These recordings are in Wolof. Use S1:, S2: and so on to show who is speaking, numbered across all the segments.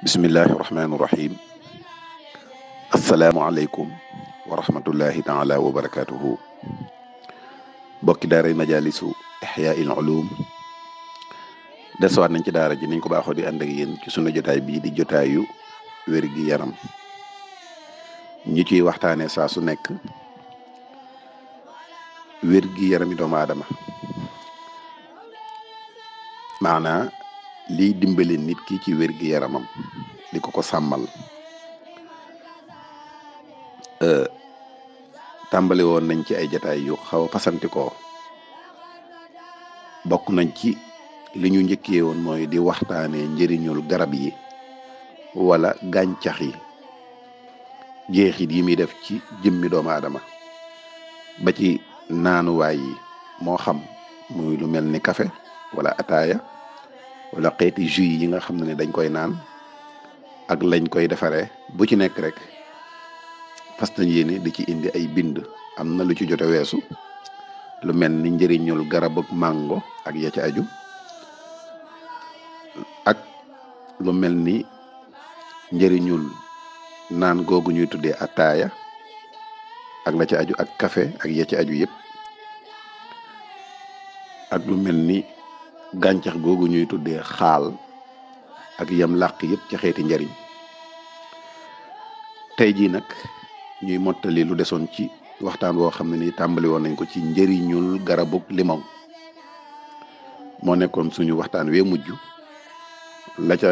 S1: bismillahi rahmaani rahim asalaamualeykum wa rahmatullahi taala wa barakaatuhu bokki daaray majaalisu ixyaa il ulum desuwaat nañ ci daara ji niñ ko baaxoo di ànd ak yéen ci sunu jotaay bii di jotaayu wér gi yaram ñu ciy waxtaanee saa su nekk wér gi yarami doomu aadama lii dimbali nit ki ci wér yaramam di ko ko sàmmal euh, tàmbali nañ ci ay jataay yu xawa fasantikoo fasanti bokk nañ ci liñu ñu woon mooy di waxtaane njëriñul garab yi wala gàncax yi jeexit yi muy def ci jëmmi doomu aadama ba ci naanuwaay yi moo xam muy lu mel ni kafe wala ataaya wala xeeti jus yi nga xam ne dañ koy naan ak lañ koy defaree bu ci nekk rek fas nañ yéene di ci indi ay bind am na lu ci jote weesu lu mel ni njëriñul garab ak màngo ak ya ci aju ak lu mel ni njëriñul naan googu ñuy tuddee ataaya ak la ci aju ak kafe ak ya ci aju yëpp ak lu mel ni gàncax googu ñuy tudde xaal ak yam làq yëpp ci xeeti njariñ tey jii nag ñuy mottali lu desoon ci waxtaan woo xam ne ni tàmbali woon nañ ko ci njëriñul garabug limon moo nekkoon suñu waxtaan wee mujj la ca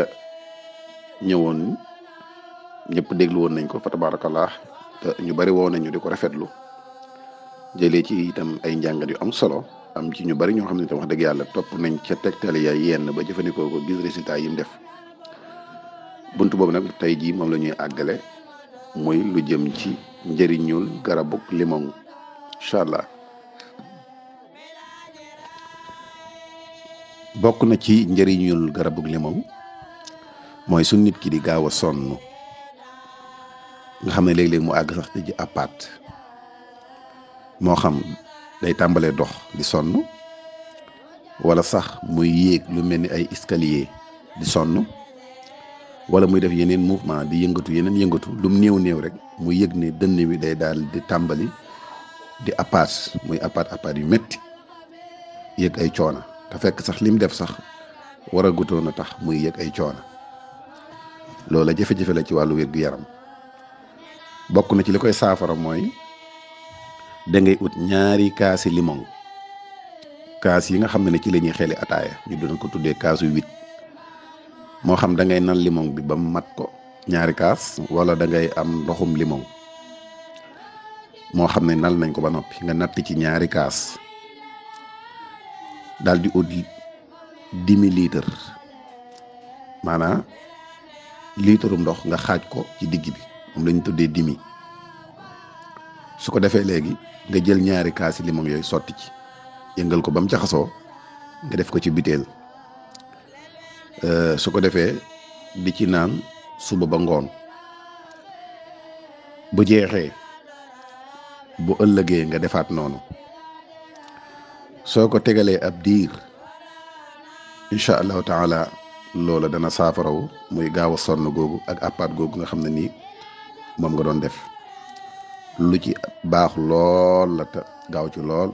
S1: ñëwoon ñëpp déglu woon nañ ko fa tabarakallah te ñu bari woo nañu di ko rafetlu jëlee ci itam ay njàngat yu am solo am ci ñu bari ñoo xam ne itam wax dëgg yàlla topp nañ ca tegtal ya yenn ba jëfandikoo ko gis résultat yi mu def bunt boobu nag tey jii moom lañuy àggale muy lu jëm ci njëriñul garabuk limon incha allah bokk na ci njëriñul garabuk limon mooy su nit ki di gaaw a sonn nga xam ne léegi léeg mu àgg sax ci apaat moo xam day tàmbalee dox di sonn wala sax muy yéeg lu mel ni ay escalier di sonn wala muy def yeneen mouvement di yëngatu yeneen yëngatu lum néew néew rek mu yëg ne dënn bi day daal di tàmbali di apaat muy apaat apaat yu metti yëg ay coona te fekk sax lim def sax war a gutoon a tax muy yëg ay coona loola jafe-jafe la ci wàllu wér-gu-yaram bokk na ci li koy saafara mooy da ngay ut ñaari kaasi limong kaas yi nga xam ne ci lañuy ñuy xeli ataaya ñu doon ko tuddee kaasu wit moo xam da ngay nan limon bi ba mat ko ñaari kaas wala da ngay am ndoxum limong moo xam ne nal nañ ko ba noppi nga natt ci ñaari kaas daal di ut dimi liter mana litre ndox nga xaaj ko ci digg bi moom la ñu tuddee dimi su ko defee léegi nga jël ñaari kaasi limon yooyu sotti ci yëngal ko ba mu jaxasoo nga def ko ci biteel euh, su ko defee di ci naan suba ba ngoon bu jeexee bu ëllëgee nga defaat noonu soo ko tegalee ab diir incha allahu taala loola dana saafarawu muy gaaw a sonn googu ak àppaat googu nga xam ne nii moom nga doon def lu ci baax lool la te gaaw ci lool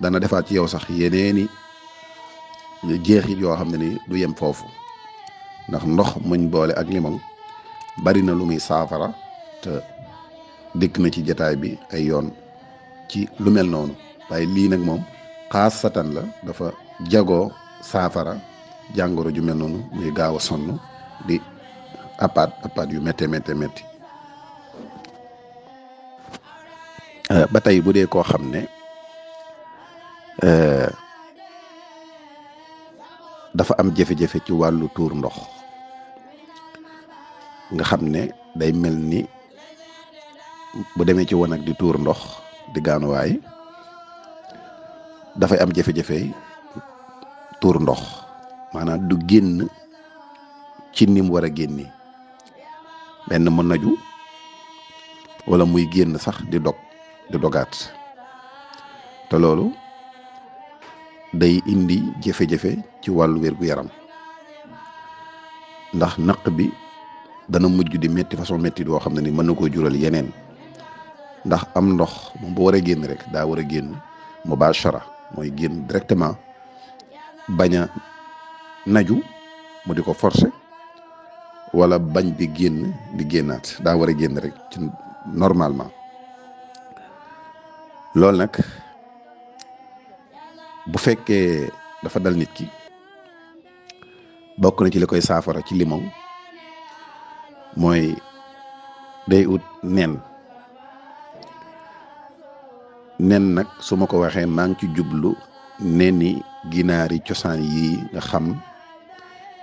S1: dana defaat ci yow sax yeneeni jeexit yoo xam ne ni du yem foofu ndax ndox muñ boole ak limon bari na lu muy saafara te dikk na ci jataay bi ay yoon ci lu mel noonu waaye lii nag moom xaas satan la dafa jagoo saafara jàngoro ju mel noonu muy gaaw a sonn di apaat apaat yu métte métte Euh, ba tey bu dee koo xam ne euh, dafa am jafe-jafe ci wàllu tuur ndox nga xam ne day mel ni bu demee ci wanag di tuur ndox di gaanuwaay dafay am jafe-jafe tuur ndox maanaam du génn ci ni war a génni benn mu naju wala muy génn sax di dog du dogaat te loolu day indi jefe jefe ci wàllu wér gu yaram ndax naq bi dana mujj di metti façon metti boo xam ne ni mën na koo jural yeneen ndax am ndox moom bu war a génn rek daa war a mubashara mooy génn directement bañ naju mu di ko forcer wala bañ di génn di génnaat daa war a rek normalement loolu nag bu fekkee dafa dal nit ki bokk na ci li koy saafara ci limon mooy day ut nen nen nag suma ko waxee maa ngi ci jublu neni ginaari cosaan yi nga xam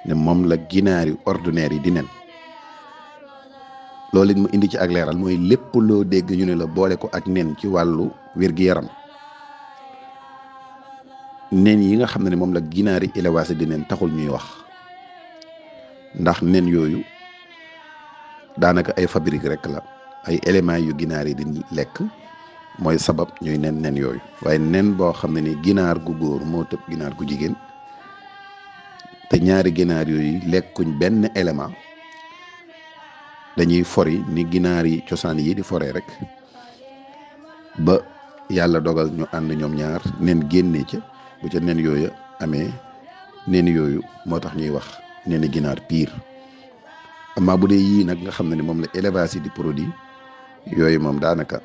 S1: ne moom la ginaari ordinaire yi di nen loolu it mu indi ci ak leeral mooy lépp loo dégg ñu ne la boole ko ak nen ci wàllu wér-gi-yaram nen yi nga xam ne moom la ginaari élevage di nen taxul ñuy wax ndax nen yooyu daanaka ay fabrique rek la ay éléments yu ginaar yi di lekk mooy sabab ñuy nen nen yooyu waaye nen boo xam ne ni ginaar gu góor moo tëb ginaar gu jigéen te ñaari ginaar yooyu lekkuñ benn élément dañuy fori ni ginaar yi cosaan yi di foree rek ba yàlla dogal ñu ànd ñoom ñaar nen génnee ca bu ca nen yooyu amee nen yooyu moo tax ñuy wax neni ginaar piir amaa bu dee yii nag nga xam ne ni moom la élevage yi di produit yooyu moom daanaka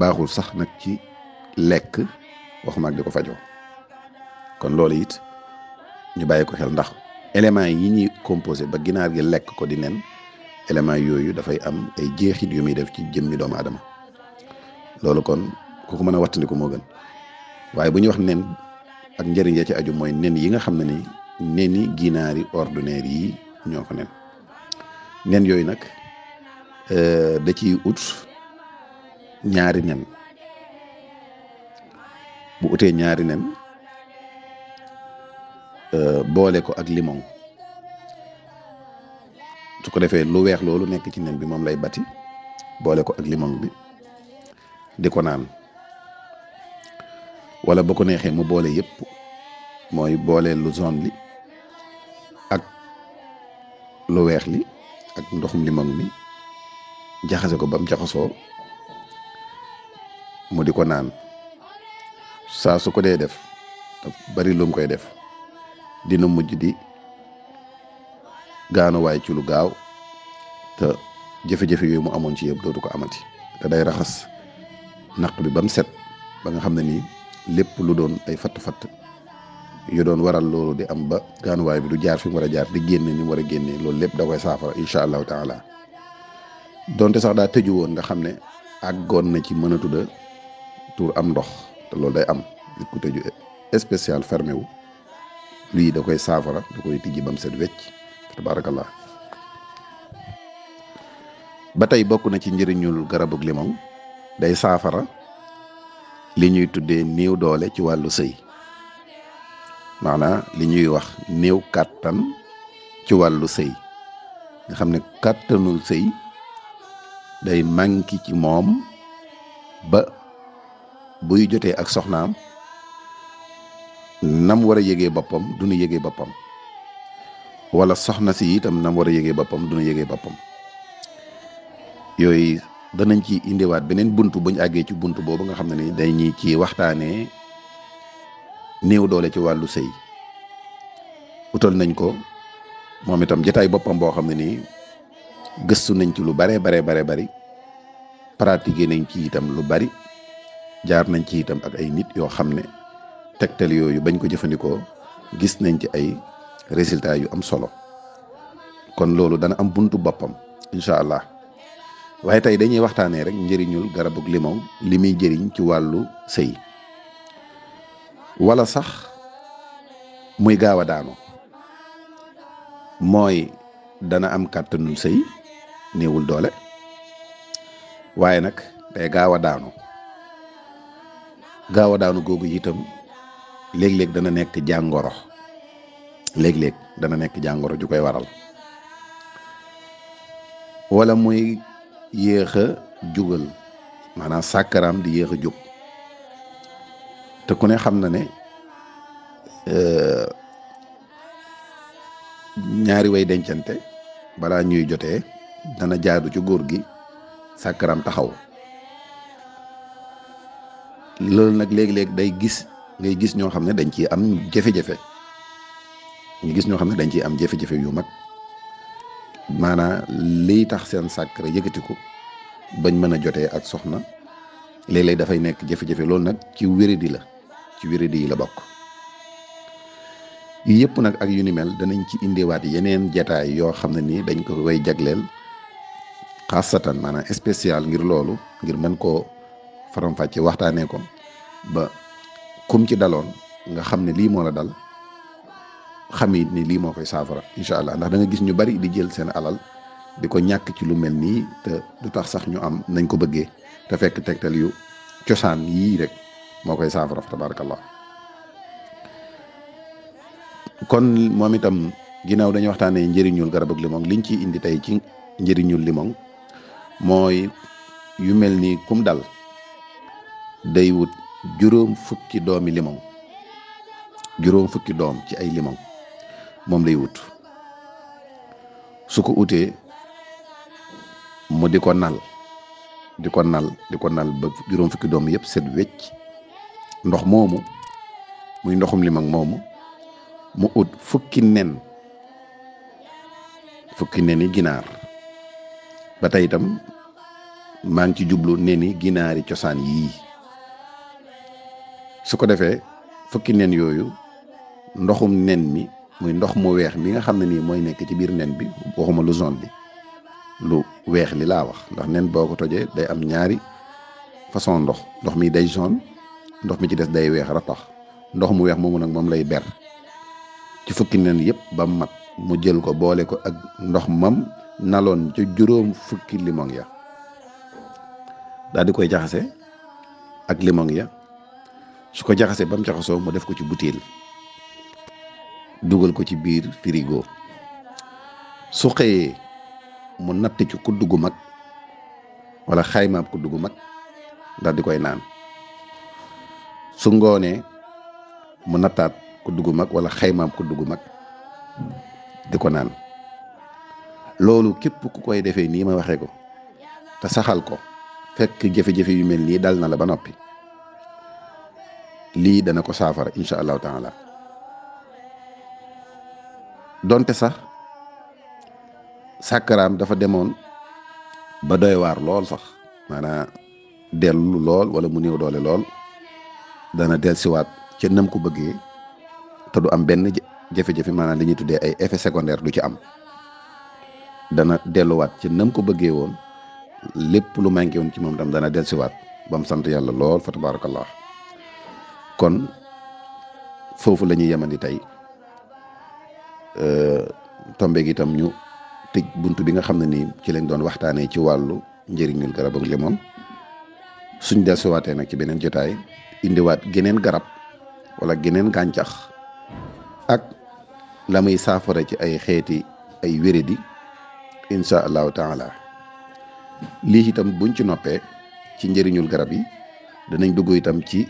S1: baaxul sax nag ci lekk waxuma ak di ko fajoo kon loolu it ñu bàyyi ko xel ndax éléments yi ñuy composé ba ginaar gi lekk ko di nen élément yooyu dafay am ay jeexit yu muy def ci jëmmi doomu aadama loolu kon ku ko mën a wattandiku moo gën waaye bu ñuy wax nen ak njëriñ ya ci aju mooy nen yi nga xam ne ni neni ginaari ordinaire yi ñoo ko nen nen yooyu nag euh, da ci ut ñaari nen bu utee ñaari nen euh, boole ko ak limon su ko defee lu weex loolu nekk ci nen bi moom lay bati boole ko ak limon bi di ko naan wala bu ko neexee mu boole yépp mooy boole lu zone li ak lu weex li ak ndoxum limon mi jaxase ko ba mu jaxasoo mu di ko naan saa su ko dee def bari lum koy def dina mujj di gaanuwaay ci lu gaaw te jafe-jafe yooyu mu amoon ci yëpp dootu ko amati te day raxas naq bi ba mu set ba nga xam ne nii lépp lu doon ay fatt yu doon waral loolu di am ba gaanuwaay bi du jaar fi war a jaar di génne ni war a génne loolu lépp da koy saafara incha allahu sax daa tëju woon nga xam ne àggoon na ci mën a tudda am ndox te loolu day am nit ku tëju eh, wu lii da koy saafara da koy tijji ba mu set wecc tabarakallah ba tey bokk na ci njëriñul garabug limon day saafara li ñuy tuddee néew doole ci wàllu sëy maanaam li ñuy wax néew kàttan ci wàllu sëy nga xam ne kàttanul sëy day manki ci moom ba buy jotee ak soxnaam nam war a yëgee boppam du nu yëgee boppam wala soxna si itam nam war a yëgee boppam duna yëgee boppam yooyu danañ ci indiwaat beneen bunt buñ àggee ci bunt boobu nga xam ne nii day ñi ci waxtaanee néew doole ci wàllu sëy utal nañ ko moom itam jotaay boppam boo xam ne nii gëstu nañ ci lu bare bare bare bari pratiquer nañ ci itam lu bari jaar nañ ci itam ak ay nit yoo xam ne tegtel yooyu bañ ko jëfandikoo gis nañ ci ay résultat yu am solo kon loolu dana am buntu boppam incha allah waaye tey dañuy waxtaanee rek njëriñul garabug limon li muy jëriñ ci wàllu sëy wala sax muy gaaw a daanu mooy dana am kàttanul sëy néewul doole waaye nag day gaaw a daanu gaaw a daanu googu itam léeg-léeg dana nekk jàngoro léeg-léeg dana nekk jàngoro ju koy waral wala moy yéex a jugal maanaam sàkkaraam di yéex a jug te ku ne xam na ne euh, ñaari way dencante balaa ñuy jote dana jaadu ci góor gi sàkkaraam taxaw loolu nag léegi-léeg day gis ngay gis ñoo xam ne dañ ci am jafe-jafe ñu gis ñoo xam ne dañ ci am jafe-jafe yu mag maanaa liy tax seen sàkkara yëkkatiku bañ mën a jotee ak soxna léeg-léeg dafay nekk jafe-jafe loolu nag ci wéradi la ci wéradi yi la bokk yi yëpp nag ak yu ni mel danañ ci indiwaat yeneen jataay yoo xam ne nii dañ ko way jagleel xaasatan maanaam spécial ngir loolu ngir mën koo faram waxtaanee ko ba kum ci daloon nga xam ne lii moo la dal xamee ni lii moo koy saafara incha allah ndax da nga gis ñu bari di jël seen alal di ko ñàkk ci lu mel nii te du tax sax ñu am nañ ko bëggee te fekk tegtal yu cosaan yii rek moo koy saafara kon moom itam ginnaaw dañuy waxtaanee njëriñul garab ak limoŋ liñ ci indi tey ci njëriñul limoŋ mooy yu mel ni kum dal day wut juróom fukki doomi limoŋ juróom fukki doom ci ay limoŋ moom lay wut su ko utee mu di ko nal di ko nal di ko nal ba juróom fukki doom yëpp set wecc ndox moomu muy ndoxum lim moomu mu ut fukki nen fukki neni ginaar ba tey itam maa ngi ci jublu neni ginaari cosaan yii su ko defee fukki nen yooyu ndoxum nen mi muy ndox mu weex mi nga xam ne nii mooy nekk ci biir nen bi waxuma lu zone bi lu weex li laa wax ndax nen boo ko tojee day am ñaari façon ndox ndox mi day zone ndox mi ci des day weex ratax ndox mu weex moomu nag moom lay ber ci fukki nen yëpp ba mat mu jël ko boole ko ak ndox mam naloon ca juróom fukki limon ya daal di koy jaxase ak limon ya su ko jaxasee ba mu jaxasoo mu def ko ci butéel dugal ko ci biir frigo su xëyee mu natt ci kudd gu mag wala xaymaab kudd gu mag dal di koy naan su ngoonee mu nattaat kudd gu mag wala xaymaab kudd gu mag di ko naan loolu képp ku koy defee nii ma waxee ko te saxal ko fekk jafe-jafe yu mel dal na la ba noppi lii dana ko saafara insha allahu taala donte sax sakaram dafa demon, ba doy war lol sax mana delu lol wala mu new dole lol dana del wat ci nam ko beugé te du am ben jafé jafé mana li tuddé ay effet secondaire du ci am dana wat ci nam ko beugé won lepp lu manqué won ci mom dam dana del ci wat bam sante yalla lol fa tabarakallah kon fofu la ñuy tay Euh, tombeeg itam ñu tëj buntu bi nga xam ne ni ci lañ doon waxtaanee ci wàllu njëriñul garab ak limoom suñ dellusiwaatee nag ci beneen jotaay indiwaat geneen garab wala geneen gàncax ak la muy saafara ci ay xeeti ay wéredi incha allahu taala lii itam buñ ci noppee ci njëriñul garab yi danañ dugg itam ci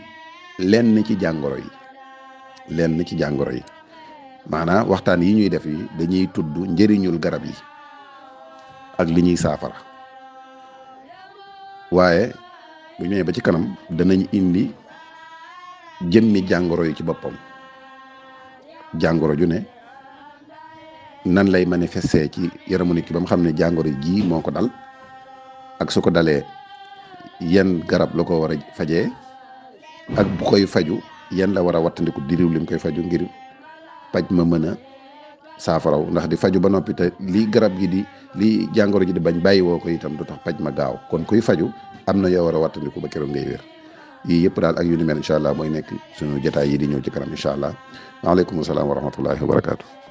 S1: lenn ci jàngoro yi lenn ci jàngoro yi. maanaam waxtaan yi ñuy def yi dañuy tudd njëriñul garab yi ak li ñuy saafara waaye bu ñëwee ba ci kanam danañ indi jëmmi jàngoro yi ci boppam jàngoro ju ne nan lay manifesté ci yaramu nit ki ba mu xam ne jàngoro jii moo ko dal ak su ko dalee yan garab la ko war a fajee ak bu koy faju yan la war a wattandiku diriw lim koy faju ngir paj ma mën a saafaraw ndax di faju ba noppi te lii garab gi di lii jangoro ji di bañ bàyyi woo ko itam du tax paj ma gaaw kon kuy faju am na yoo war a wattandiku ba keroog ngay wér yii yëpp daal ak yu ni mel incha allah mooy nekk suñu jotaay yi di ñëw ci kanam incha allah waaleykum salaam wa rahmatullahi wa barakatuh